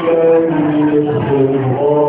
بالله من الشيطان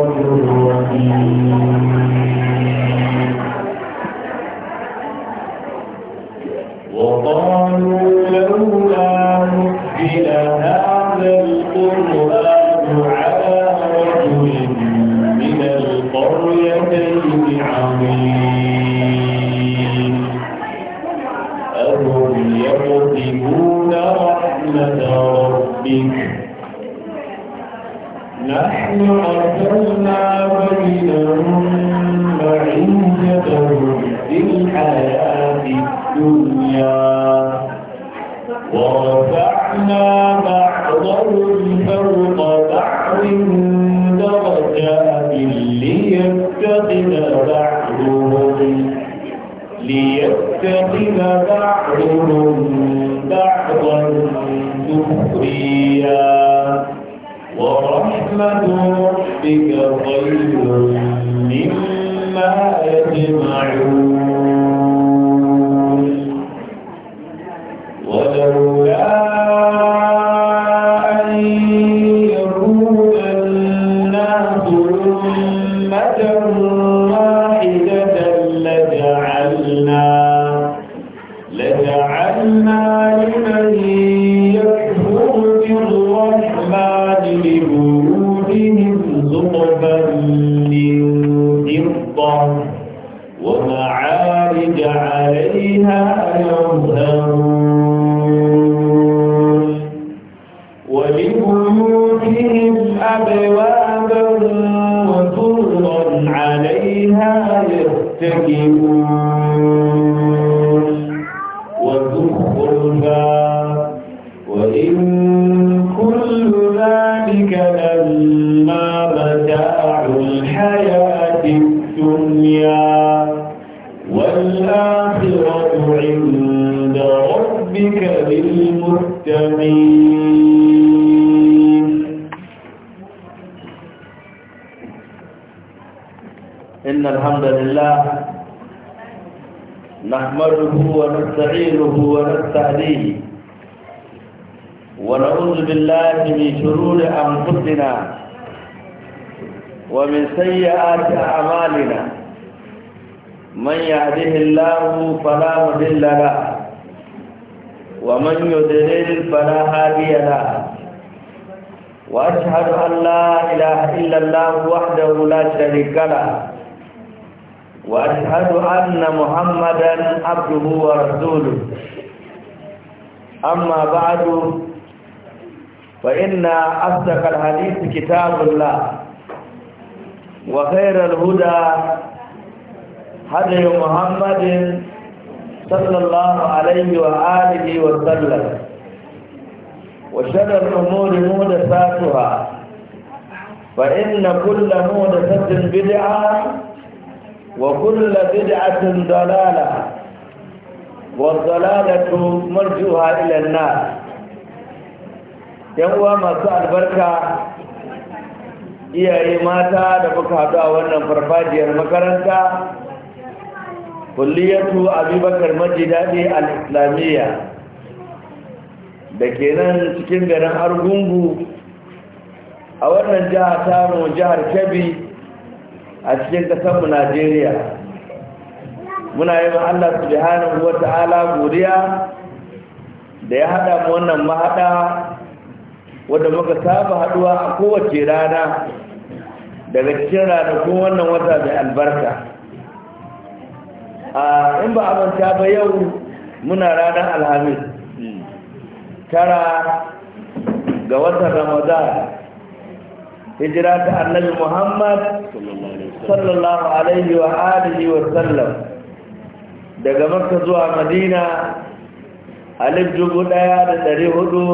وجعلنا لمن يكفر بالرحمن لبيوتهم زخرفا من فضة ومعارج عليها يوم kala wa ashhadu anna muhammadan abduhu wa amma ba'du fa Asakar asdaq alhadith kitabullah wa khair alhuda muhammadin sallallahu alayhi wa alihi wa sallam wa shara al فإن كل مودثة بدعة وكل بدعة ضلالة والضلالة مرجوها إلى النار يوم مساء البركة iyaye mata da muka haɗu a wannan farfajiyar makaranta kulliyatu abubakar majidadi al-islamiyya da ke nan cikin garin argungu a wannan jiha tamu jihar kebbi a cikin kasanmu najeriya muna yi allah subhanahu wa ta'ala godiya da ya haɗa mu wannan mahada wadda muka saba haɗuwa a kowace rana daga cikin ranakun wannan wata mai albarka a in ba a manta ba yau muna ranar alhamis tara ga watan ramadan hijira ta annabi muhammad sallallahu alaihi wa alihi wa sallam daga makka zuwa madina alif dubu daya da dari hudu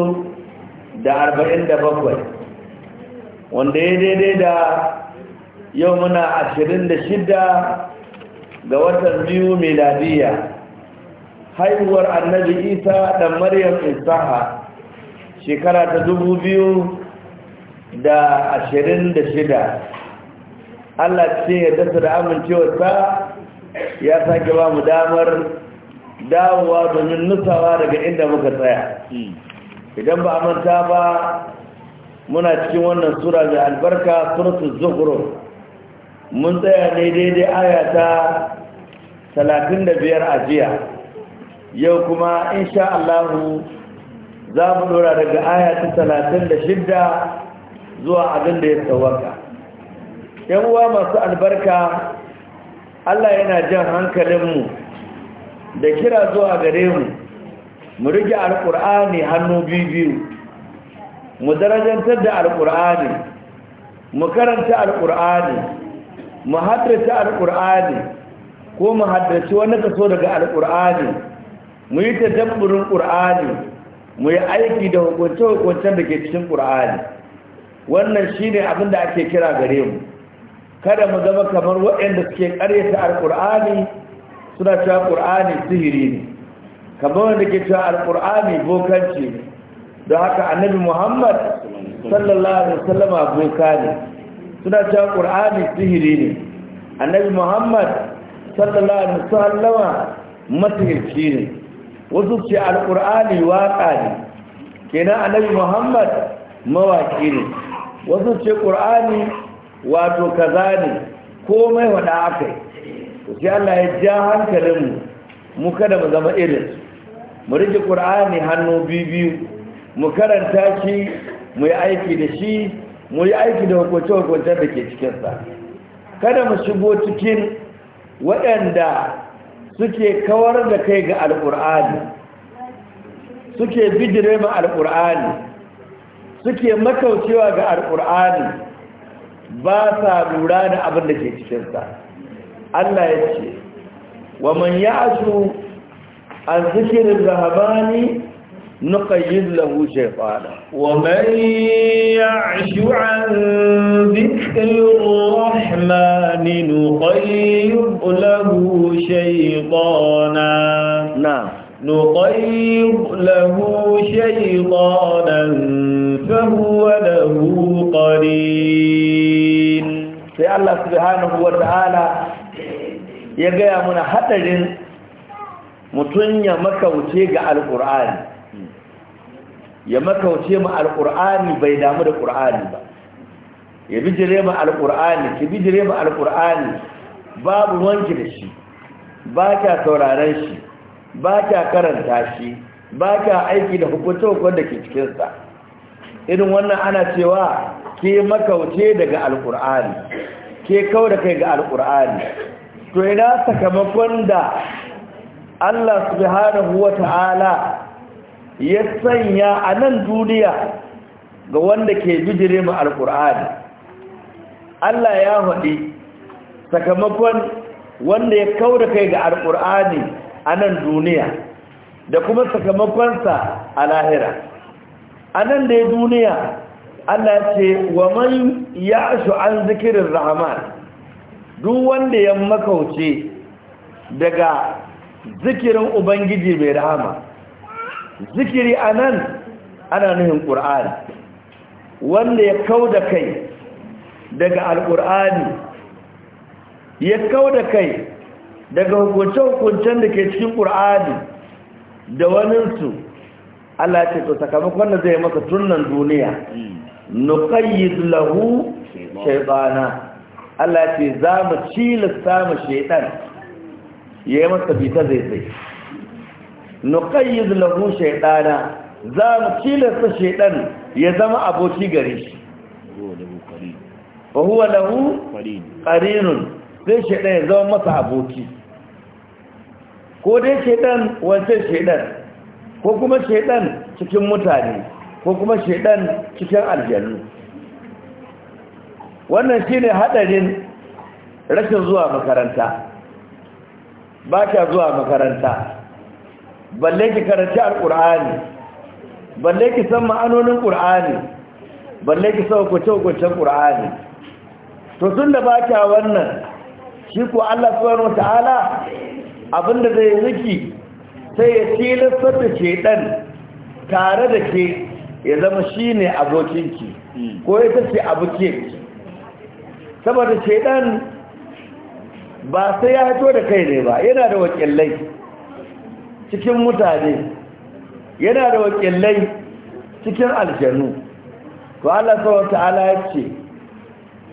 da arba'in da bakwai wanda ya daidai da yau muna ashirin da shida ga watan biyu meladiya haihuwar annabi isa da maryam isaha shekara ta dubu biyu da ashirin da shida Allah ce ya dasa da amincewarsa ya sake ba mu damar dawowa domin nusawa daga inda muka tsaya idan ba manta ba muna cikin wannan sura mai albarka suratul zuhru mun tsaya ne daidai aya ta biyar a jiya yau kuma insha Allah za mu dora daga aya ta shidda. zuwa abin da ya tsawaka yan uwa masu albarka Allah yana jan hankalinmu da kira zuwa gare mu mu rike alkur'ani hannu biyu mu darajantar da alkur'ani mu karanta alkur'ani mu haddace alkur'ani ko mu haddace wani kaso daga alkur'ani mu yi tadabburin ƙur'ani mu yi aiki da hukunce-hukuncen da ke cikin ƙur'ani wannan shine abin da ake kira gare mu kada mu zama kamar waɗanda suke ƙaryata alƙur'ani suna cewa ƙur'ani sihiri ne kamar wanda ke cewa alƙur'ani bokanci ne don haka annabi muhammad sallallahu alaihi wasallam boka ne suna cewa ƙur'ani sihiri ne annabi muhammad sallallahu alaihi wasallam masihirci ne wasu ce alƙur'ani waƙa ne kenan annabi muhammad mawaƙi ne wasu ce ƙur'ani wato kaza ne komai wada aka yi sai Allah ya ja hankalinmu mu kada mu zama irin mu rike ƙur'ani hannu biyu mu karanta shi mu yi aiki da shi mu yi aiki da hukunce-hukuncen da ke cikinsa kada mu shigo cikin waɗanda suke kawar da kai ga alƙur'ani suke bijire ma alƙur'ani suke makaucewa ga alƙur'ani ba sa lura da abin da ke cikinsa Allah ya ce wa man ya'su an zikirin zahabani نقيد له شيطانا ومن يعش عن ذكر الرحمن نقيض له شيطانا نعم نقيض له فهو له قرين sai Allah سبحانه وتعالى ta'ala ya gaya mana hadarin mutum ya makauce ga alqur'ani ya makauce mu alqur'ani bai damu da qur'ani ba ya bijire mu alqur'ani ki bijire mu alqur'ani babu wanki da shi ba kya sauraron shi ba kya karanta shi ba kya aiki da hukuncin da ke cikinsa irin wannan ana cewa ke makauce daga alkur'ani ke kau da kai ga alkur'ani to ina sakamakon da Allah subhanahu wata'ala ya sanya a nan duniya ga wanda ke bijire mu alkur'ani Allah ya haɗi sakamakon wanda ya kau da kai ga alkur'ani a nan duniya da kuma sakamakonsa a lahira a nan dai duniya Allah ce wa man ya an zikirin rahman duk wanda ya makauce daga zikirin ubangiji mai rahama zikiri a nan ana nuhin ƙur'ani wanda ya kau da kai daga alƙur'ani ya kau da kai daga hukunce-hukuncen da ke cikin ƙur'ani da waninsu Allah ce to sakamakon da zai masa tunan duniya nuqayyid lahu shaytana Allah ce za mu cila mu shaytan yayi masa bita zai sai nuqayyid lahu shaytana za mu sa shaytan ya zama aboki gare shi wa huwa lahu qarinun sai shaidan ya zama masa aboki ko dai shaidan wancan shaidan ko kuma shaidan cikin mutane ko kuma shaidan cikin aljannu wannan shine haɗarin rashin zuwa makaranta ba ka zuwa makaranta balle ki karanta alqur'ani balle ki san ma'anonin qur'ani balle ki san kwace-kwacen qur'ani to tun da ba ka wannan shi ko Allah subhanahu ta'ala abinda zai miki sai ya tilastar da ɗan, tare da ke ya zama shi ne abokinki ko ya tafi abokinki saboda ɗan, ba sai ya hato da kai ne ba yana da wakilai cikin mutane yana da wakilai cikin aljanu ko Allah sauwa ta'ala ya ce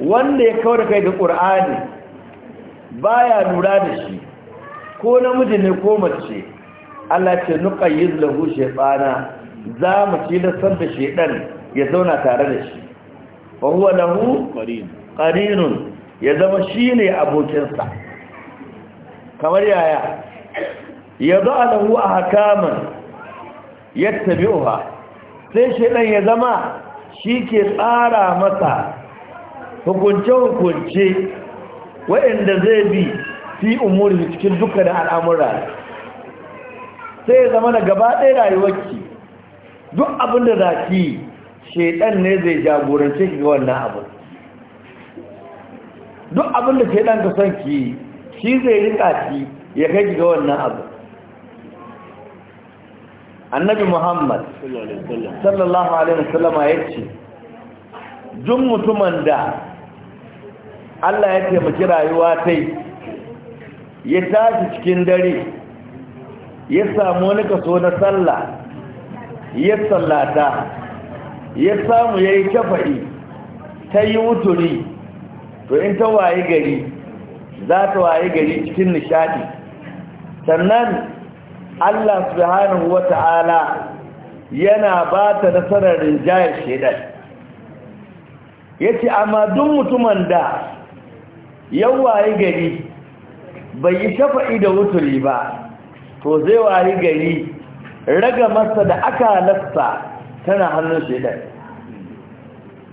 wanda ya kawo kai da ƙur'ani baya lura da shi ko namiji ne ko mace Allah ce nuka yi lahu shefana za mu tilastar da shedan ya zauna tare da shi wa huwa lahu qarinun ya zama shine abokinsa kamar yaya ya za'a lahu ahkaman uwa sai shedan ya zama shi ke tsara masa hukunce-hukunce waɗanda zai bi fi umuri cikin duka da al'amura sai ya zama na gaba ɗaya rayuwarki duk abin da za ki shaidan ne zai jagorance ki ga wannan abin duk abin da shaidan ka son ki shi zai rika ki ya kai ga wannan abin annabi muhammad sallallahu alaihi wasallama ya ce jin mutumin da allah ya taimaki rayuwa ta ya tashi cikin dare ya samu wani kaso na sallah ya sallata ya samu ya yi shafa'i ta yi wuturi to in ta waye gari za ta waye gari cikin nishadi sannan Allah subhanahu wa ta'ala yana ba ta nasarar rinjayar shaidar ya ce amma duk mutumin da yawaye gari bai yi shafa'i da wuturi ba to zai wayi gari raga masa da aka lasta tana hannun shedan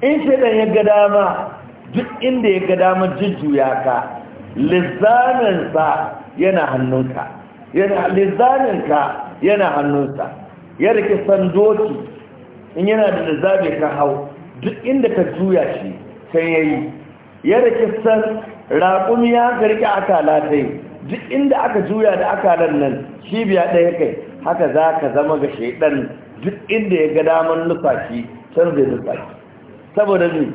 in shedan ya ga dama duk inda ya ga dama jujjuya ka lissaninsa yana hannunka yana lissaninka yana hannunsa ya rike sandoki in yana da lissabi ka hau duk inda ka juya shi sai yayi ya rike san raƙumi ya aka akala ta duk inda aka juya da aka nan biya ɗaya kai haka za ka zama ga shaidan duk inda ya ga daman nufashi can zai nufashi saboda ne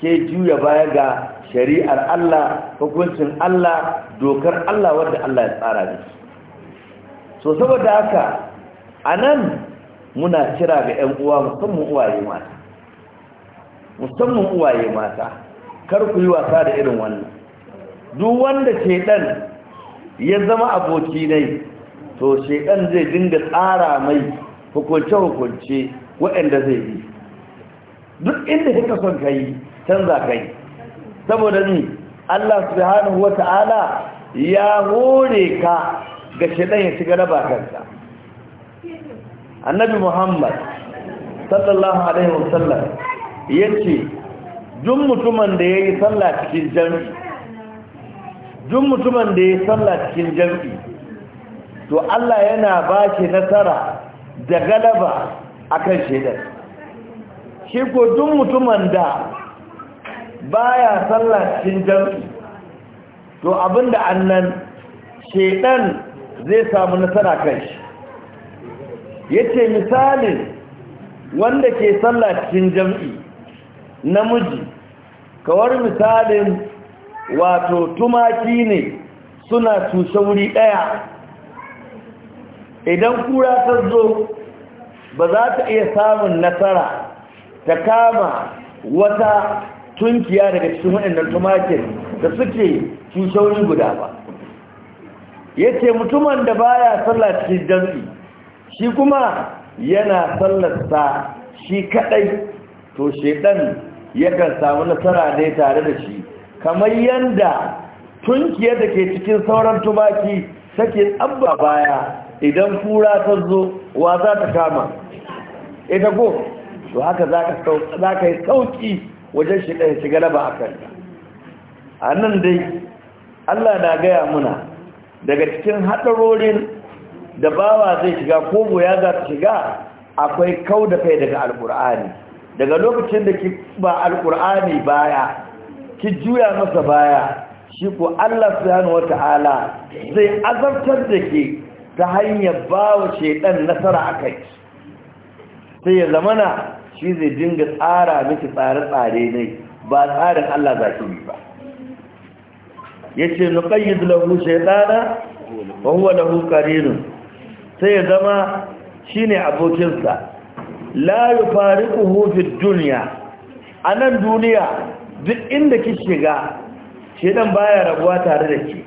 ke juya baya ga shari'ar Allah hukuncin Allah dokar Allah wadda Allah ya tsara da shi so saboda haka a nan muna kira ga 'yan uwa musamman uwaye mata musamman uwaye mata kar ku yi wasa da irin wannan duk wanda ke dan. ya zama aboki ne to shekan zai dinga tsara mai hukunce-hukunce waɗanda zai yi duk inda haka son ka yi canza kai. saboda ni Allah subhanahu wa ta'ala ya hore ka ga shekan ya shiga raba kansa annabi muhammad sallallahu alaihi wasallam ya ce duk mutumin da ya yi sallah cikin jami'i duk mutumin da ya salla cikin jam'i to Allah yana ba shi nasara da galaba akan shaidar. shi ko duk mutumin da baya salla cikin jam'i to abinda annan shaidan zai samu nasara kan shi yace misalin wanda ke sallacin cikin jam'i namiji kawar misalin wato tumaki ne suna tushe wuri ɗaya idan kura ta zo ba za ta iya samun nasara ta kama wata tunkiya daga cikin waɗannan tumakin da suke tushe wuri guda ba ya ce mutumin da baya sallar cikin jam'i shi kuma yana sallarsa shi kaɗai to shaidan yakan samu nasara ne tare da shi kamar yanda tunkiya da ke cikin sauran tumaki take abba baya idan kura ta zo wa za ta kama ita ko to haka za ka yi sauki wajen shiga raba a kanta a nan dai allah na gaya muna daga cikin haɗarorin da bawa zai shiga ko ya za ta shiga akwai kau da kai daga alkur'ani daga lokacin da ki ba alkur'ani baya ki juya masa baya shi ko Allah subhanahu wata'ala zai azabtar da ke ta hanyar bawa shedan nasara akai sai ya zamana shi zai dinga tsara miki tsare-tsare ne ba tsarin Allah za yi ba yace nuqayyid lahu shaytana wa huwa lahu qarin sai ya zama shine abokinsa la yufariquhu fid dunya anan duniya duk inda ki shiga dan baya rabuwa tare da ki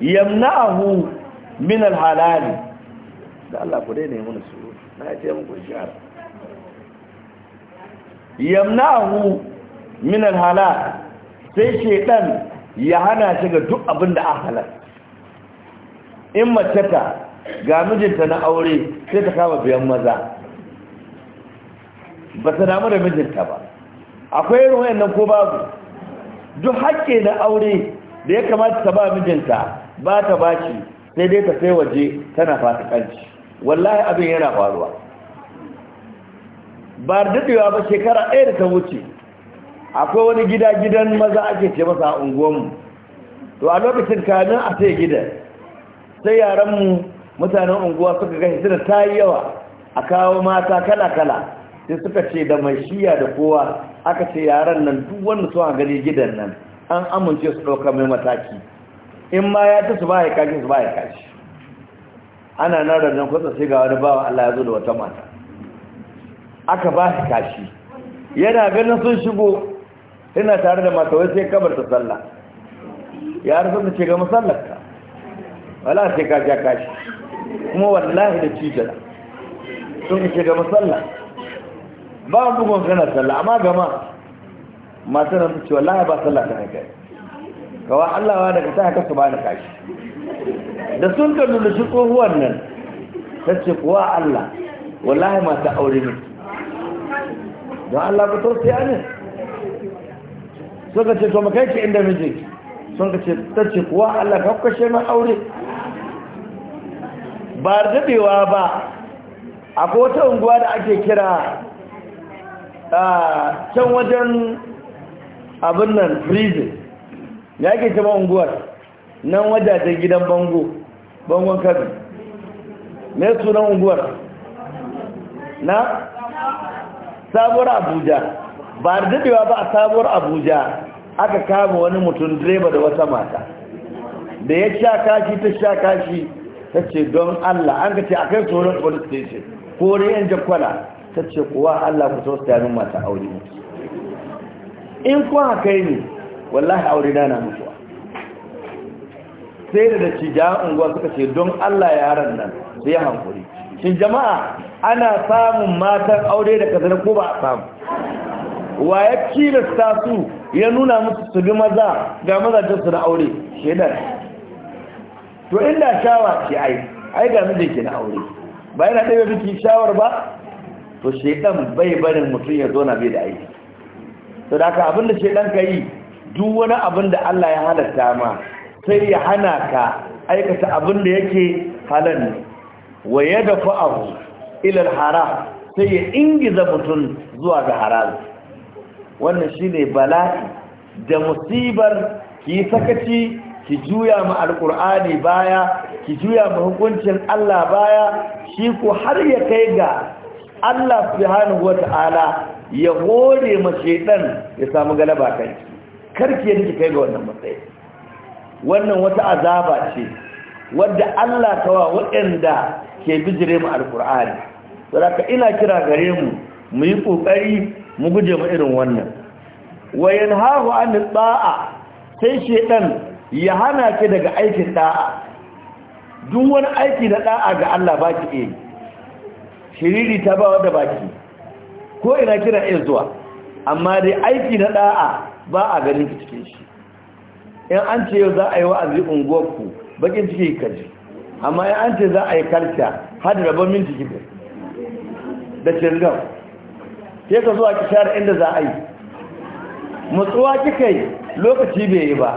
yamna'ahu min alhalal da Allah ku dai ne mun su na ce muku shar yamna'ahu min alhalal sai shedan ya hana shi ga duk abin da aka halal in mace ta ga mijinta na aure sai ta kama biyan maza ba ta damu da mijinta ba akwai irin wayannan ko babu duk hakke na aure da ya kamata ta ba mijinta ba ta baci sai dai ta sai waje tana kanci wallahi abin yana faruwa ba da daɗewa ba shekara ɗaya da ta wuce akwai wani gida gidan maza ake ce masa a unguwanmu to a lokacin kanin a sai gida sai yaran mu mutanen unguwa suka gashi suna ta yi yawa a kawo mata kala-kala sai suka ce da mai shiya da kowa aka ce yaran nan duk wanda suka gani gidan nan an amince su ɗauka mai mataki in ma ya ta su ba ya kashi su ba ya kashi ana nan rannan kwatsa sai ga wani bawa Allah ya zo da wata mata aka ba shi kashi yana ganin sun shigo suna tare da mata wai sai kabar ta sallah ya rasu da ce ga ka wala sai kashi ja kashi kuma wallahi da cijira sun ce ga musallarka ba bugun kana sallah amma gama masu nan cewa laye ba sallah ta haikai kawai Allah wa daga ta haka su ba da kashi da sun ka nuna shi tsohuwan nan ta ce kuwa Allah wallahi masu aure ne don Allah ku a ne ka ce to makai ki inda mijinki sun ka ce ta ce kuwa Allah ka kashe mai aure ba daɗewa ba akwai wata unguwa da ake kira can wajen abin nan prison ya ke cama unguwar nan wajajen gidan bango bangon kabi mai sunan unguwar na sabuwar abuja ba da daɗewa ba a sabuwar abuja aka kama wani mutum direba da wata mata da ya sha kashi ta sha kashi ta ce don allah an ka ce a kai tsoron police station ko ne yan jakwala ta ce kuwa Allah ku tausaya nuna mata aure in kun haka ne wallahi aure na na mutuwa sai da dattijan unguwa suka ce don Allah haran nan sai hankuri shin jama'a ana samun matan aure da kazana ko ba a samu wa ya kira su ya nuna musu su bi maza ga mazajen su na aure shedar to inda shawa ce ai ai ga da ke na aure ba yana ɗaya biki shawar ba to shedan bai barin mutum ya na bai da aiki to da haka abinda shedan ka yi duk wani abin da Allah ya halatta ma sai ya hana ka aikata abin da yake halar ne wa ya dafa abu ilar haram sai ya ingiza mutum zuwa ga haram wannan shi ne bala'i da musibar ki sakaci ki juya ma alkur'ani baya ki juya ma hukuncin Allah baya shi ko har ya kai ga Allah subhanahu wata'ala ya hore ma shedan ya samu galaba kai karki yanki kai ga wannan matsayi wannan wata azaba ce wadda Allah kawa waɗanda ke bijire mu alkur'ani saboda ina kira gare mu mu yi kokari mu guje mu irin wannan wayan hahu an ta'a sai shedan ya hana ki daga aikin ta'a. duk wani aiki na da'a ga Allah ba ki yi shiriri ta ba wadda baki ko ina kira iya zuwa amma dai aiki na da'a ba a ganin ki cikin shi in an ce yau za a yi wa'azi ku bakin ciki kaji amma in an ce za a yi kalta har da rabon minti kibe da shirgam Ke ka zuwa ki share inda za a yi matsuwa kika yi lokaci bai yi ba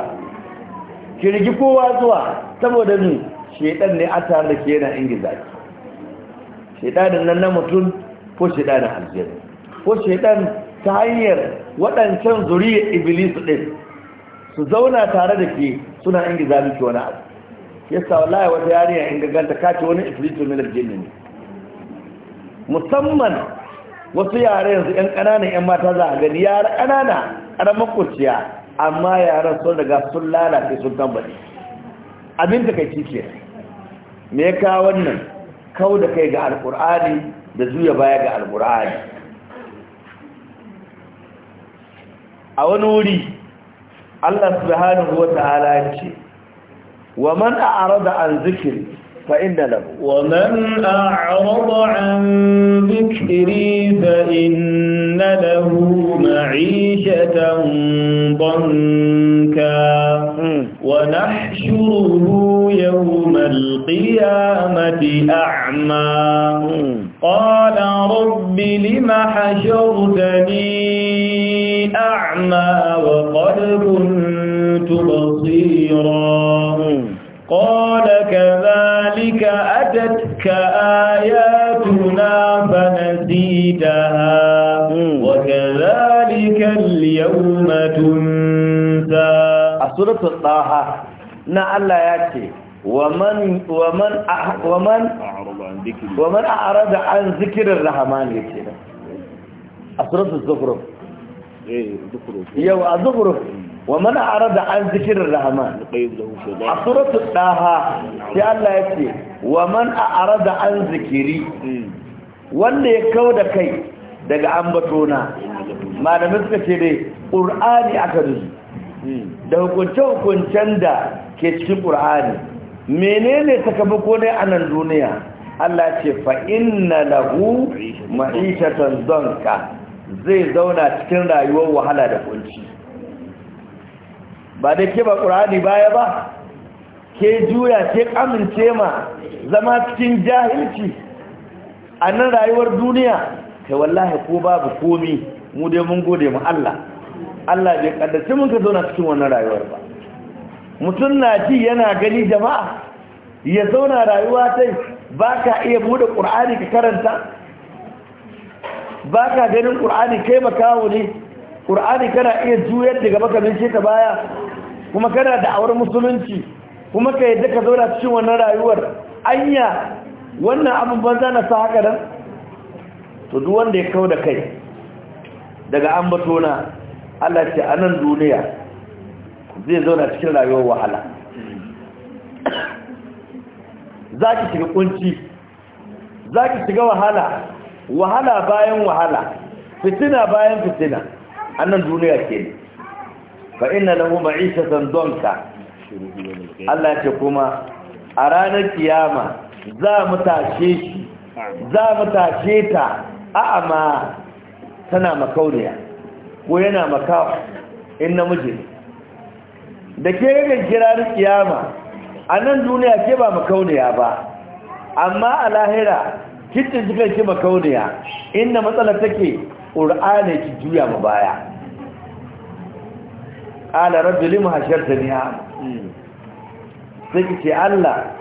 kirgi kowa zuwa saboda ni shedan ne a tare da ke yana ingiza ki shaidanin nan na mutum ko shaidanin aljihar ko shaidan ta hanyar waɗancan zuriyar iblis ɗin su zauna tare da ke suna ingi zalunci wani abu Ya sa wallahi wata yariya in gaganta kace wani ifritu min aljinni ne musamman wasu yare yanzu yan ƙananan yan mata za a gani yara ƙanana ƙaramar kurciya amma yaren sun daga sun lalace sun tambari abin da kai kike me ya kawo wannan kau da kai ga alkur'ani da zuya baya ga alkur'ani a wani wuri Allah subhanahu wa ta'ala ce wa man a'rada an zikin, fa inna wa man a'rada an zikri fa inna ma'ishatan danka ونحشره يوم القيامة أعمى قال رب لم حشرتني أعمى وقد كنت بصيرا قال كذلك أتتك آياتنا فنسيتها وكذلك اليوم suratul daha na Allah ya ce wa man waman waman arada an zikirar rahman yake da a suratul zukhruf eh zukhruf yau a zukhruf waman arada an zikirar rahman a suratul daha sai Allah ya ce wa waman arada an zikiri wanda ya kauda kai daga ambatona malamin suka ce dai ƙur'ani aka duzu da hukunce-hukuncen da ke cikin ƙur'ani menene sakamako kone a nan duniya Allah ce fa'inna lahu ma'ishatan ka, zai zauna cikin rayuwar wahala da kunci ba da ke ba ƙur'ani baya ba ke juya ke amince ma zama cikin jahilci a nan rayuwar duniya ta wallahi ko babu komi mu dai mun gode mu Allah Allah bai kaddace mun ka zauna cikin wannan rayuwar ba mutum na ji yana gani jama'a ya zauna rayuwa sai baka iya bude ƙur'ani ka karanta Baka ganin ƙur'ani kai ba makawo ne ƙur'ani kana iya juyar daga makamin ce ta baya kuma kana da awar musulunci kuma ka da ka zauna cikin wannan rayuwar anya wannan abin banza na sa haka nan to duk wanda ya kau da kai daga ambatona Allah ce a nan duniya zai zauna cikin rayuwar wahala za ki shiga kunci za ki shiga wahala wahala bayan wahala fitina bayan fitina a nan duniya ke ne fa ina kuma isa donka Allah ce kuma a ranar kiyama za mu tashe shi za mu tashe ta a'ama tana makauniya ko yana makawa in namiji da ke yakan kirarin kiyama a nan duniya ke ba makauniya ba amma a lahira kitin kai ke makauniya inda matsala take ƙur'ani ki juya ma baya ƙala rabbi limu hashar ta niya sai ce allah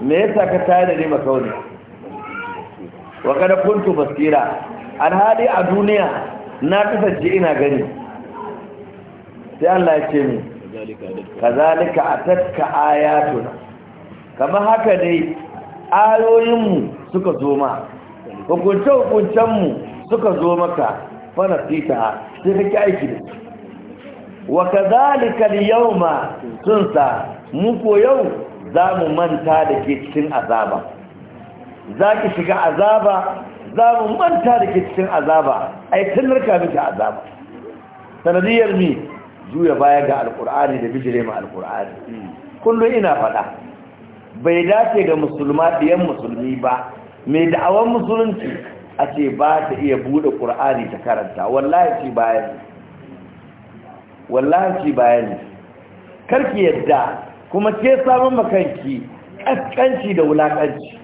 me yasa ka tayar da ni makauniya wa kada kuntu basira alhali a duniya na kasance ina gani sai Allah ya ce min kazalika atatka ayatuna kama haka ne, mu suka zo ma hukunce mu suka zo maka fanasita sai kake aiki da su wa kazalika liyawma tunsa mu ko yau za mu manta da ke cikin azaba za ki shiga azaba za mu manta da ke cikin azaba ai ka miki azaba sanadiyar mi juya baya ga alkur'ani da bijire ma alkur'ani kullum ina faɗa bai dace ga musulma ɗiyan musulmi ba mai da'awan musulunci a ce ba ta iya buɗe ƙur'ani ta karanta wallahi ci bayan ne karki yadda kuma ke samun makanki ƙasƙanci da wulaƙanci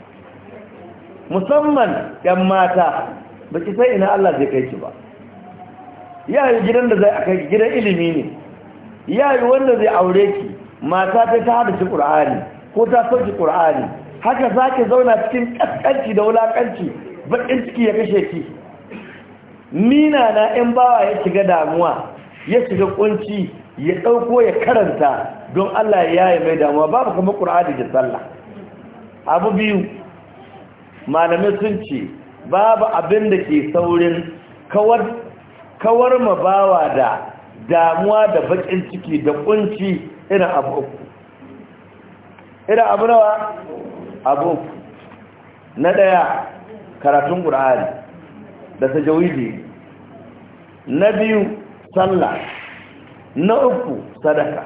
musamman yan mata ba ki sai ina Allah zai kai ki ba ya gidan da zai aka gidan ilimi ne ya wanda zai aure ki mata ta ta hada shi qur'ani ko ta sauki qur'ani haka zaki zauna cikin kaskanci da wulakanci bakin ciki ya kashe ki nina na in bawa ya shiga damuwa ya shiga kunci ya dauko ya karanta don Allah ya yi mai damuwa babu kamar qur'ani da sallah abu biyu malamai sun ce babu abin da ke saurin kawar ma bawa da damuwa da bakin ciki da kunci irin abu uku irin abu nawa abu uku na daya karatun ƙur'ani da tajawidi na biyu sallah na uku sadaka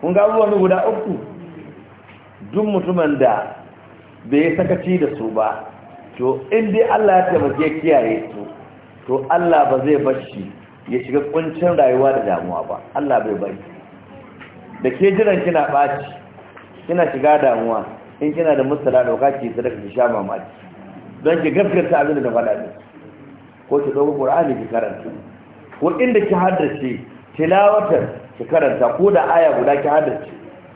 kun ga abubuwan guda uku duk mutumin da bai sakaci da su ba to in dai Allah ya taimake kiyaye su to Allah ba zai bar shi ya shiga kuncin rayuwa da damuwa ba Allah bai bari da ke jiran kina baci kina shiga damuwa in kina da da da ki sadaka ki sha mamaki don ki gaskata abin da faɗa ne ko ki dauko Qur'ani ki karanta ko inda ki haddace tilawatar ki karanta ko da aya guda ki haddace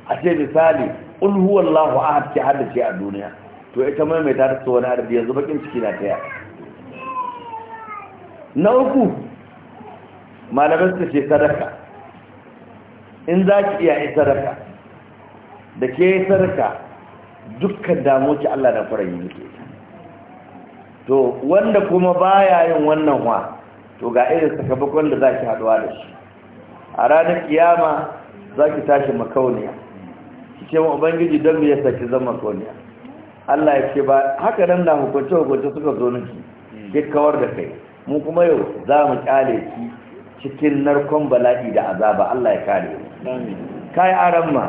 a ce misali qul huwallahu ahad ki haddace a duniya to ita mai mai ta ta wani yanzu bakin ciki na taya na uku malamai suka ce sadaka in za ki iya yi sadaka da ke sadaka dukkan damuki Allah na fara yi muke to wanda kuma baya yin wannan wa to ga irin sakamakon da za ki haduwa da shi a ranar kiyama za ki tashi makauniya ce ubangiji don ya saki zama soniya Allah ya ce ba haka nan na hukunce hukunce suka zo niki ki kawar da kai mu kuma yau za mu kyale ki cikin narkon bala'i da azaba Allah ya kare mu kai aran ma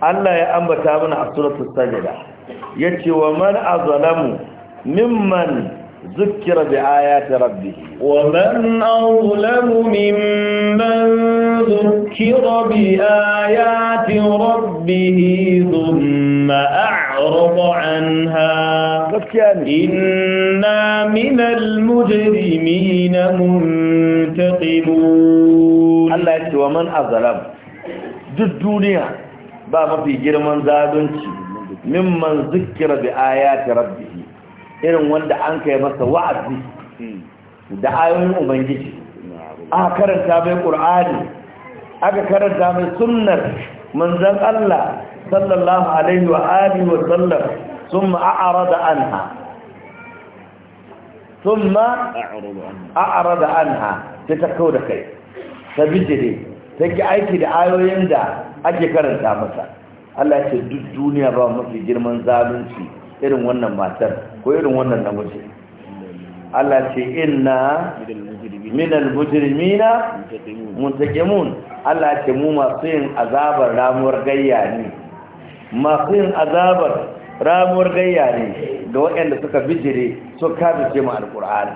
Allah ya ambata mana a suratul sajda yace wa man azlamu mimman ذكر wa man ومن mimman ممن bi ayati ربه به ثم أعرض عنها إنا من المجرمين منتقمون الله يتوى من أظلم duk duniya ba mafi girman zalunci mimman zikira bi ayati rabbihi irin wanda an kai masa wa'azi da ayoyin ubangiji aka karanta mai ƙur'ani aka karanta mai sunnar manzan Allah sallallahu alaihi wa alihi wa sallam thumma a'rada anha thumma a'rada anha ta takau da kai ta bijire ta ki aiki da ayoyin da ake karanta masa Allah ya ce duk duniya ba mafi girman zalunci irin wannan matar ko irin wannan namiji Allah ce inna minal mujrimina muntakimun Allah ya ce mu masu yin azabar ramuwar gayya ne masu yin azabar ramuwar gayya ne ga waɗanda suka bijire su kafice mu alqur'ani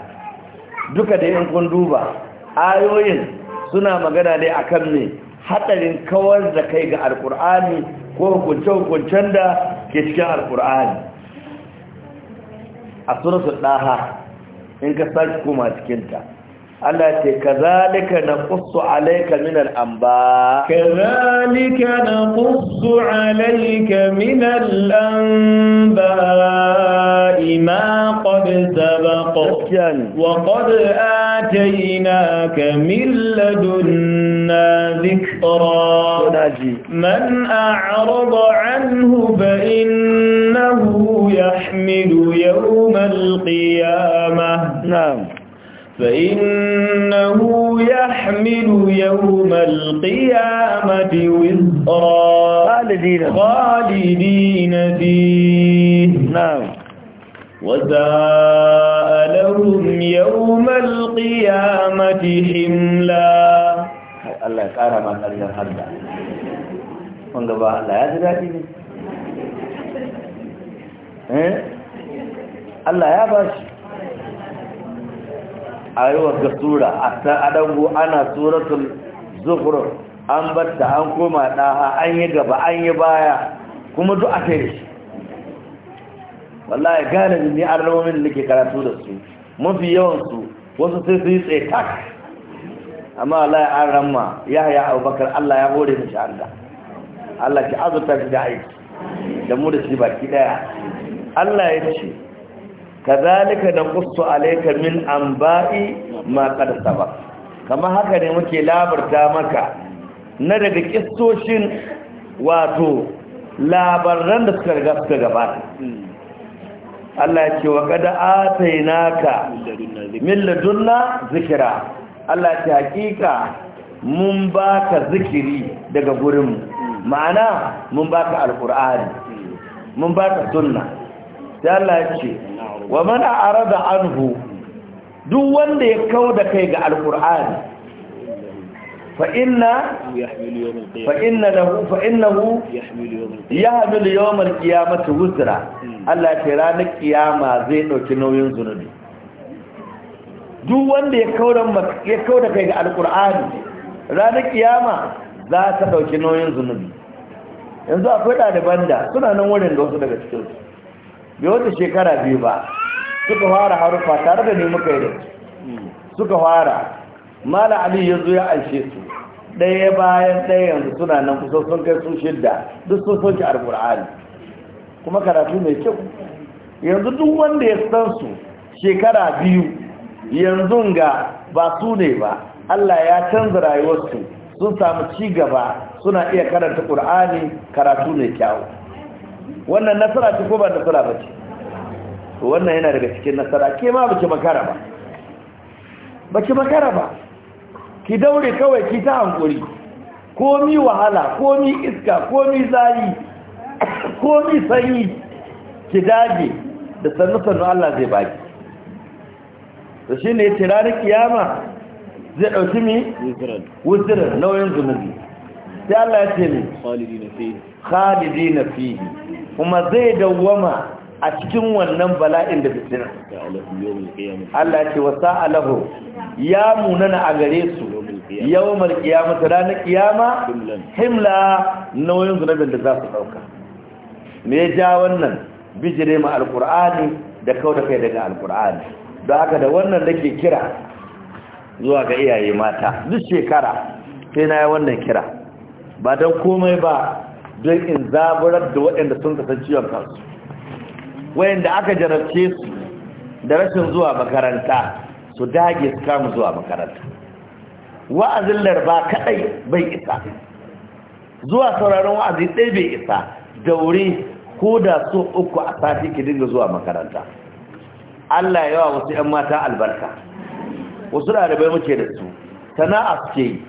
duka da in kun duba ayoyin suna magana ne akan ne haɗarin kawar da kai ga alkur'ani ko hukunce-hukuncen da ke cikin alqur'ani a suratul ɗaha in ka sake koma cikinta Allah ce kazalika naqussu alayka min al-anba kazalika naqussu alayka min al-anba ma qad sabaqa wa qad atainaka min ladunna dhikra man a'rada anhu fa innahu yahmilu yawma al-qiyamah na'am فإنه يحمل يوم القيامة وزرا خالدين خالدين فيه نعم وساء لهم يوم القيامة حملا الله يقارى ما قال يا هردا الله يا ذلك الله يا باشي a yi wata tura a ta adango ana suratul zuhru an batta an koma ɗaha an yi gaba an yi baya kuma duk a kai shi wallahi gane ne an ramomin da ke karatu da su mafi yawansu wasu sai su yi tsaye tak amma wallahi an ramma ya haya abubakar allah ya hore shi allah allah ki azurta shi da aiki da mu da shi baki daya allah ya ce kazalika naqussu alaika min anba'i ma qad sabaq kama haka ne muke labarta maka na daga kistoshin wato labaran da suka riga suka gabata Allah ya ce wa qad atainaka min ladunna zikra Allah ya ce hakika mun baka zikiri daga mu. ma'ana mun baka alqur'ani mun baka sunna sai Allah ya ce wa man arada anhu duk wanda ya kauda kai ga alqur'ani fa inna fa inna lahu fa innahu yahmilu yawm alqiyamati wuzra hmm. Allah ya ranar kiyama zai dauki nauyin zunubi duk wanda ya kauda ya kai ga alqur'ani ranar kiyama za ta dauki nauyin zunubi yanzu akwai ɗaliban da suna nan wurin da wasu daga cikinsu bai wata shekara biyu ba suka fara harufa tare da nemi muka yi da suka fara mala ali ya zo ya anshe su ɗaya bayan ɗaya yanzu suna nan kusa sun kai sun shidda duk sun soke alkur'ani kuma karatu mai kyau yanzu duk wanda ya san su shekara biyu yanzu ga ba su ne ba Allah ya canza rayuwarsu sun samu ci gaba suna iya karanta ƙur'ani karatu mai kyau wannan nasara ce ko ba nasara ba ce wannan yana daga cikin nasara ke ma baki makara ba baki makara ba ki daure kawai ki ta hankuri komi wahala komi iska komi zayi, komi sanyi ki dage da sannu sannu Allah zai baki to shine tirarin kiyama zai dauki mi wuzirin nauyin zunubi sai Allah ya ce ne khalidina fihi kuma zai dawwama a cikin wannan bala'in da fitina Allah ya ce wa alahu ya munana a gare su yawmal qiyamati ranar kiyama himla nauyin zunabin da za su ɗauka. me ja wannan bijire ma Alƙur'ani da kauda kai daga Alƙur'ani? da aka da wannan da ke kira zuwa ga iyaye mata duk shekara sai na yi wannan kira ba don komai ba don in zaburar da waɗanda sun kasar ciwon kansu waɗanda aka jarabce su da rashin zuwa makaranta su dage su kama zuwa makaranta wa'azin larba kaɗai bai isa zuwa sauraron wa'azi ɗai bai isa daure ko da so uku a sati ki dinga zuwa makaranta Allah yawa wasu 'yan mata albarka wasu ɗalibai muke da su sana'a suke yi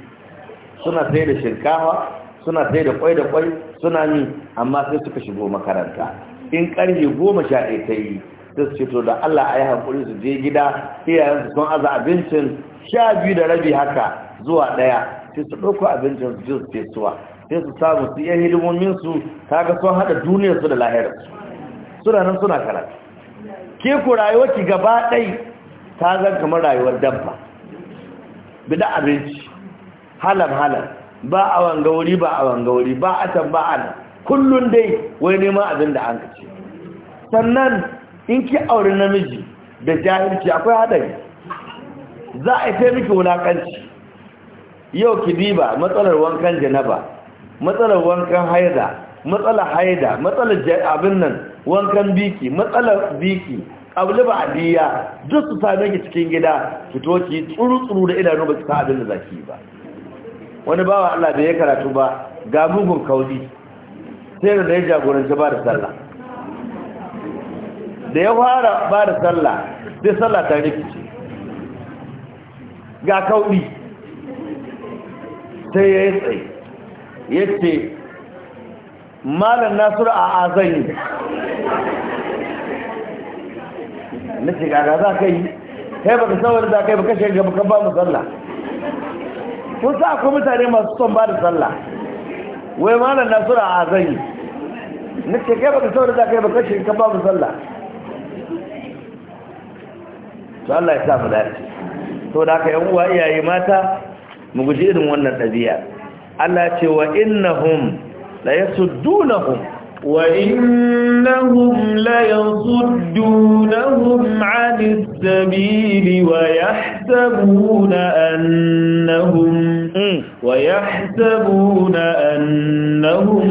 suna sai da shinkawa suna sai da kwai da kwai suna ni amma sai suka shigo makaranta in karfe goma sha ɗaya ta yi sai su ce to da Allah a yi haƙuri su je gida iyayensu sun aza abincin sha biyu da rabi haka zuwa ɗaya sai su ɗauko abincin su je su ce suwa sai su samu su iya hidimomin su kaga sun haɗa duniyar su da lahirar su suna nan suna karatu ke ku rayuwa ki gaba ɗai ta zan kamar rayuwar dabba bida abinci halam halam ba a wanga wuri ba a wanga wuri ba a can ba a kullum dai wai neman abin da an kace sannan in ki auri namiji da jahilci akwai haɗari. za a yi miki wulaƙanci. yau ki diba matsalar wankan janaba matsalar wankan haida matsalar haida matsalar abin nan wankan biki matsalar biki abu ba adiya duk su same ki cikin gida fito ki tsuru tsuru da idanu ba su ta abin da za yi ba wani bawa Allah da ya karatu ba ga mugun kauli sai da ya jagoranci ba da sallah da ya fara ba da sallah sai sallah ta rikice ga kauli sai ya yi tsaye ya ce malar nasiru a azayi na ce gaga za ka yi kai baka saurin za ka yi baka shiga baka ba mu sallah kun sa akwai mutane masu son ba da sallah wai malam nasura a zanyi na ce kai baka saboda da ka yi baka shirka ba mu sallah to Allah ya sa mu dace to da haka yan uwa iyaye mata mu guji irin wannan ɗabi'a Allah ya ce wa innahum la yasuddunahum وإنهم ليصدونهم عن السبيل ويحسبون ويحسبون أنهم ويحسبون أنهم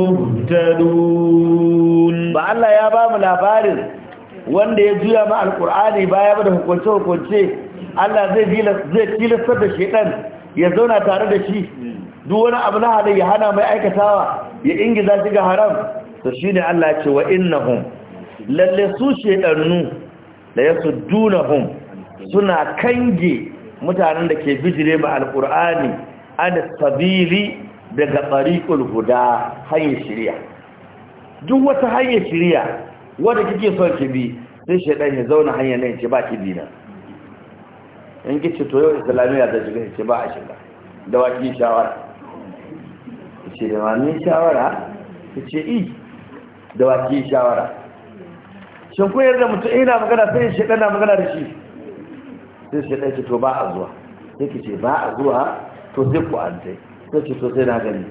مهتدون فالله يا باب الأبارز wanda ya juya ma alkur'ani baya ba da hukunce-hukunce Allah zai tilastar da shedan ya zauna tare da shi duk wani abu na hada ya hana mai aikatawa ya ingiza shi ga haram to shi ne Allah ce wa hun. lalle su shedannu da ya hun. suna kange mutanen da ke bijire ma ƙurani an sabili daga tsariƙul guda hanyar shirya duk wata hanyar shirya wadda kike son ki bi sai shaidan ya zauna hanyar nan ce ba ki bi nan in ki ce to yau islamiyya da shiga ce ba a shiga da waki shawara ce da wani shawara ta ce i da waki shawara shin ku yarda mutum ina magana sai shaidan na magana da shi sai shi ɗauki to ba a zuwa sai ki ce ba a zuwa to sai ku an sai sai ki to sai na gani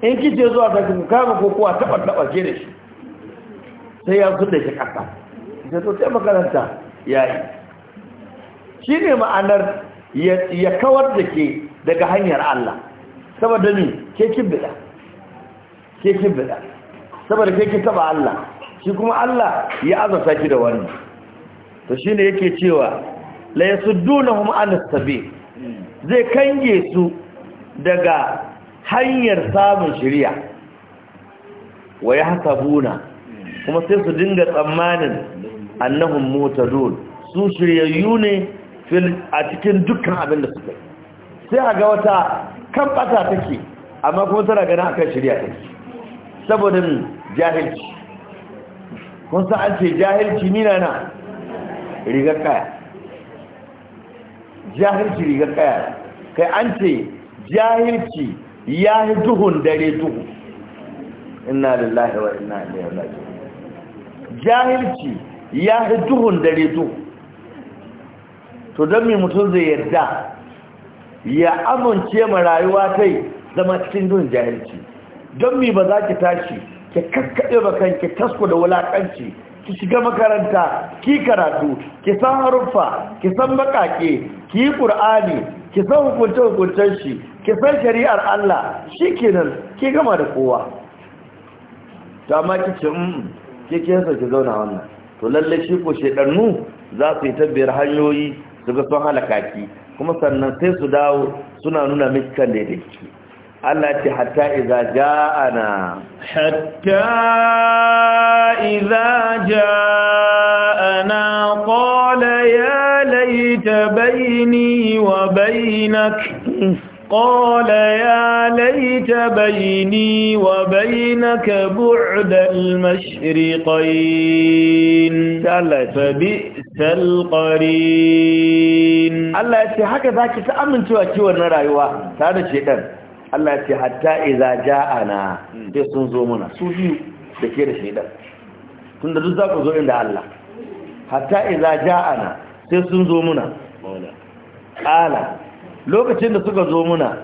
in ki ce zuwa ta ki kama ko kuwa taɓa taɓa ke da shi sai ya da shi ƙasa sai to sai makaranta ya yi shi ne ma'anar ya kawar da ke daga hanyar Allah saboda ne ke kin bida ke kin bida saboda ke kin taba Allah shi kuma Allah ya azurta ki da wannan to shine yake cewa la yasuddunahum an sabi zai kange su daga hanyar samun shari'a wa hasabuna kuma sai su dinga tsammanin annahun annahum mutadun su shiryayyu ne a cikin dukkan abin da suka sai a ga wata kan bata take amma kuma tana gana akan shirya take saboda jahilci kun san an ce jahilci mina na rigar kaya jahilci rigar kaya kai an ce jahilci ya yi duhun dare duhu inna lillahi wa inna ilaihi raji'un jahilci ya yi duhun dare duhu to don mai mutum zai yarda ya amince ma rayuwa ta zama cikin duhun jahilci don mai ba za ki tashi ki kakkaɓe ba kanki tasko da wulaƙanci ki shiga makaranta ki karatu ki san haruffa ki san bakake ki yi qur'ani ki san hukunce hukuncen shi ki san shari'ar Allah shikenan ki gama da kowa to amma ki ce mm ki kensa ki zauna wannan to lalle shi ko shedannu za su yi tabbiyar hanyoyi su ga sun halaka ki kuma sannan sai su dawo suna nuna miki kan da yake Allah ce hatta idza ja'ana hatta idza ja'ana qala ya laita bayni wa baynak قال يا ليت بيني وبينك بعد المشرقين فبئس القرين الله يتي haka zaki ta amincewa kiwon na rayuwa tare da shedan Allah ya ce hatta iza ja'ana hmm. sai sun zo muna. su biyu da ke da shaidan da duk za ku zo inda Allah hatta iza ja'ana sai sun zo muna ƙala lokacin da suka zo muna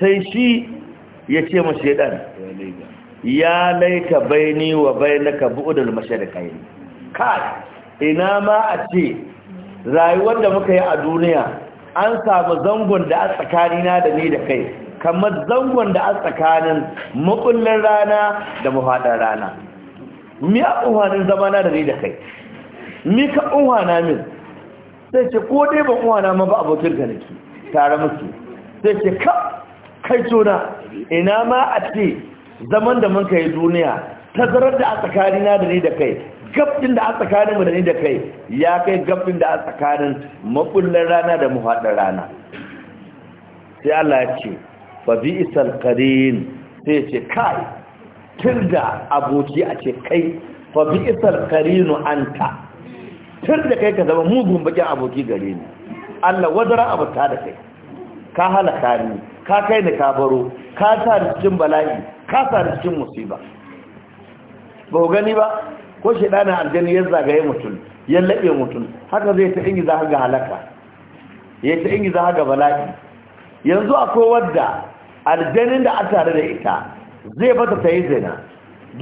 sai shi ya ce ma shaidan ya laika baini wa bainaka bu'dul mashariqain ka ina ma a ce rayuwar da muka yi a duniya an samu zangon da a tsakanina da ni da kai kamar zangon da a tsakanin makullin rana da mafaɗar rana mi a zama na da ni da kai mi ka ƙunhana min sai ce ko dai ban ƙunhana ma ba abokin ka nake tare musu sai ce ka kai tona ina ma a ce zaman da mun kai duniya tazarar da a na da ni da kai gabdin da a tsakaninmu da ni da kai ya kai gabdin da a tsakanin makullin rana da muhaɗin rana sai Allah ya ce fa isal qarin sai ce kai tirda aboki a ce kai fa bi isal qarinu anta tirda kai ka zama mugun bakin aboki gare ni Allah wadara abuta da kai ka halaka ni ka kai ni ka baro ka sa cikin bala'i ka sa cikin musiba ba ku gani ba ko shaidana aljani ya zagaye mutum ya laɓe mutum haka zai ta ingiza haga halaka ya ta ingiza haga bala'i yanzu akwai wadda aljanin da an tare da ita zai bata ta yi zina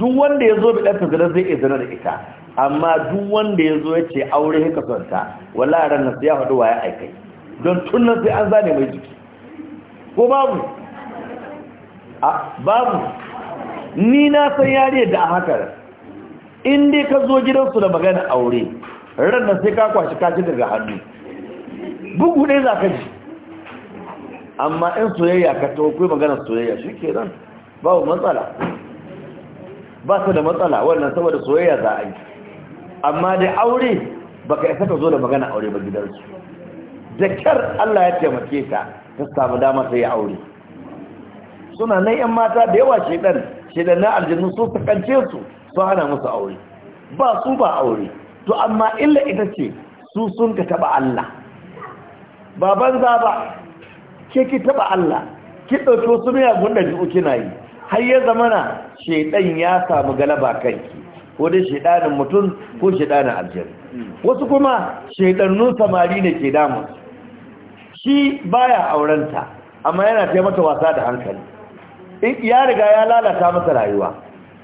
duk wanda ya zo bi ɗanta zina zai iya zina da ita amma duk wanda ya zo ya ce aure haka sonta wala ran nan sai ya faɗi ya aikai don tunan sai an zane mai jiki ko babu babu ni na san yariyar da a haka in dai ka zo gidansu da magana aure ran sai ka kwashi kashi daga hannu bugu ne za ka ji amma in soyayya ka to kai maganar soyayya ba babu matsala ba su da matsala wannan saboda soyayya za a yi amma dai aure baka isa ka zo da magana aure ba gidansu da kyar Allah ya taimake ta ta samu dama ta yi aure suna nan yan mata da yawa shi shedan na aljannu su takance su su hana musu aure ba su ba aure to amma illa ita ce su sun ka taɓa Allah Ba banza ba ke ki taba Allah ki ɗauki wasu miyagun ɗabi'u kina yi har ya zamana shaidan ya samu galaba kanki ko dai shaidanin mutum ko shaidanin aljihar wasu kuma shaidannun samari ne ke damu. shi baya aurenta amma yana mata wasa da hankali in ya riga ya lalata masa rayuwa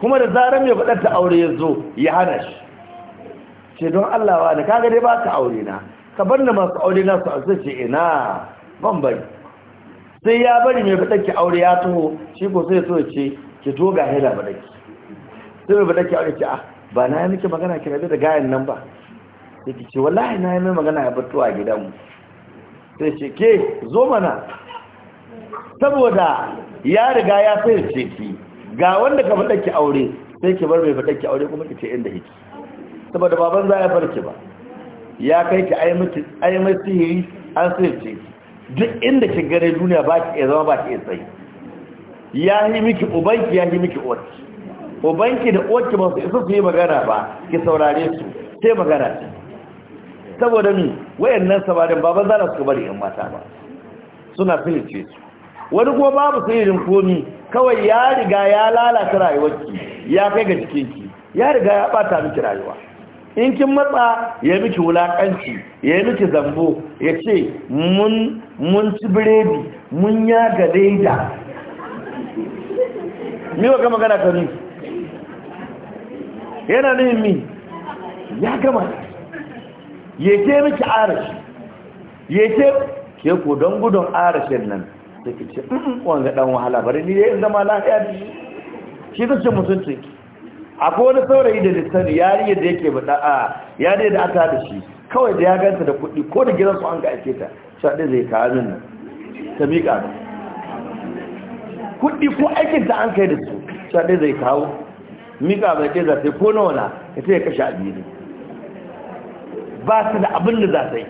kuma da zarar mai ta aure ya ya hana shi ce don Allah wa da kaga dai ba ka aure na ka bar da masu aure na su a ce ina ban bari sai ya bari mai fadakki aure ya taho shi ko sai so ce ki to ga hela fadakki sai mai fadakki aure ce ah ba na yi miki magana ki rabe da gayan nan ba sai ki ce wallahi na yi mai magana ya battuwa a gidanmu sai ce ke zo mana saboda ya riga ya sai ce ki ga wanda ka fadakki aure sai ki bar mai fadakki aure kuma ki ce inda hiki saboda baban za ya farki ba ya kai ki ai mai sihiri an sai ce ki duk inda ki gare duniya ba ki zama ba ki tsayi ya yi miki ubanki ya yi miki uwarki ubanki da uwarki ba su isa su yi magana ba ki saurare su sai magana saboda ni wayannan sabarin ba zara su bari yan mata ba suna ce su wani kuma babu sirrin komi kawai ya riga ya lalata rayuwarki ya kai ga jikinki ya riga ya bata miki rayuwa in kin matsa ya miki wulaƙanci, ya miki zambo ya ce mun ci biredi mun ya ga daida miwa wa gama gana ta ni yana ne mi ya gama ya ke miki arashi ya ke ke ku don gudun arashin nan da ke ce wanga dan wahala bari ni ya yi zama lafiya da shi shi ta ce mutuncinki akwai wani saurayi da lissani yariyar da yake ba da'a yariyar da aka da shi kawai da ya ganta da kuɗi ko da gidansu an ga ake ta shaɗe zai kawo min nan ta miƙa kuɗi ko aikin ta an kai da su shaɗe zai kawo miƙa mai ke za ko nawa na ka ta ya kashe a biyu ba su da abin da za ta yi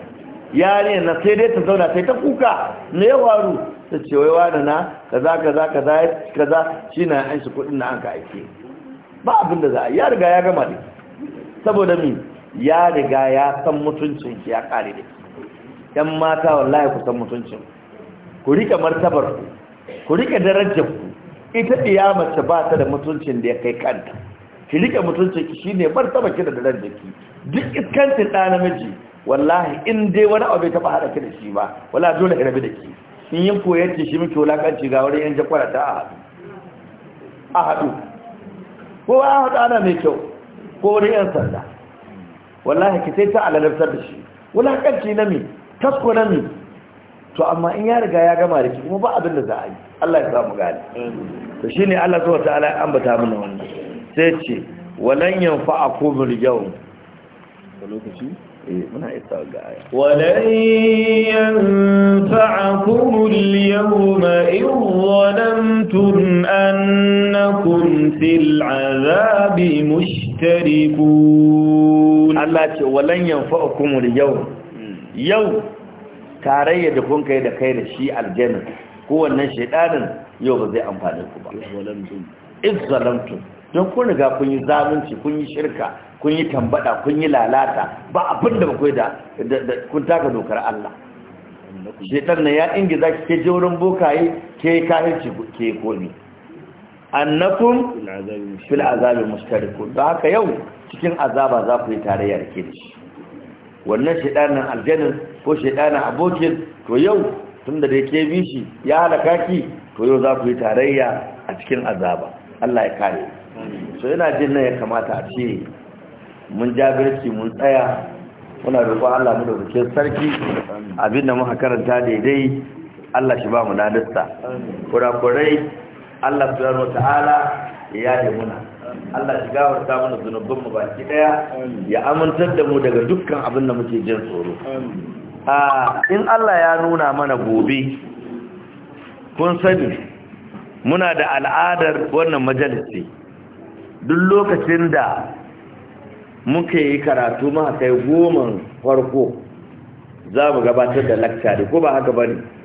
yariyar na sai dai ta zauna sai ta kuka na ya waru ta ce wai wani na kaza kaza kaza kaza shi na an shi kuɗin na an ka aike ba abinda da za a ya riga ya gama da saboda mi ya riga ya san mutuncin ya kare da yan mata wallahi ku san mutuncin ku rike martabar ku ku rike darajar ku ita iya mace ba ta da mutuncin da ya kai kanta ki rike mutuncin ki shine martabar ki da darajar ki duk iskantin da namiji wallahi in dai wani abu bai taba hada ki da shi ba wallahi dole ki rabi da ki in yin koyar ki shi miki wulakanci ga wani yan jakwara ta a hadu a hadu kowa ya haɗu ana mai kyau ko wani yan sanda wallahi ki sai ta alalarsa da shi wulakanci na mi tasko na mi to amma in ya riga ya gama da ki kuma ba abin da za a yi Allah ya mu gani to shine Allah subhanahu wataala ya ambata mana wannan sai ce walan yanfa'akum al-yawm yau? ولن ينفعكم اليوم إن ظلمتم أنكم في العذاب مشتركون Allah ce ولن ينفعكم اليوم يوم tarayya da kun kai da kai da shi aljanna kowannan wannan yau ba zai ku ba don kun riga kun yi zalunci kun yi shirka kun yi tambada kun yi lalata ba abin da bakwai da kun taka dokar Allah shekar na ya ingiza ki ke je wurin bokaye ke kafirci ke komi Annakun fil azabin mustarikun da haka yau cikin azaba za ku yi tarayya da shi wannan shaitanin aljanin ko shaitanin abokin to yau tun da dai ke bishi ya halaka ki to yau za ku yi tarayya a cikin azaba Allah ya kare so yana jin nan ya kamata a ce mun jabirci mun tsaya muna roƙo Allah mu da bikin sarki abinda muka karanta daidai Allah shi ba mu nadarsa kurakurai Allah subhanahu wataala ya yi muna Allah shi gafarta mana zunubanmu baki daya ya amintar da mu daga dukkan abin da muke jin tsoro a in Allah ya nuna mana gobe kun sani muna da al'adar wannan majalisi duk lokacin da muka yi karatu muka kai goma farko za mu gabatar da lakta ko ba haka bane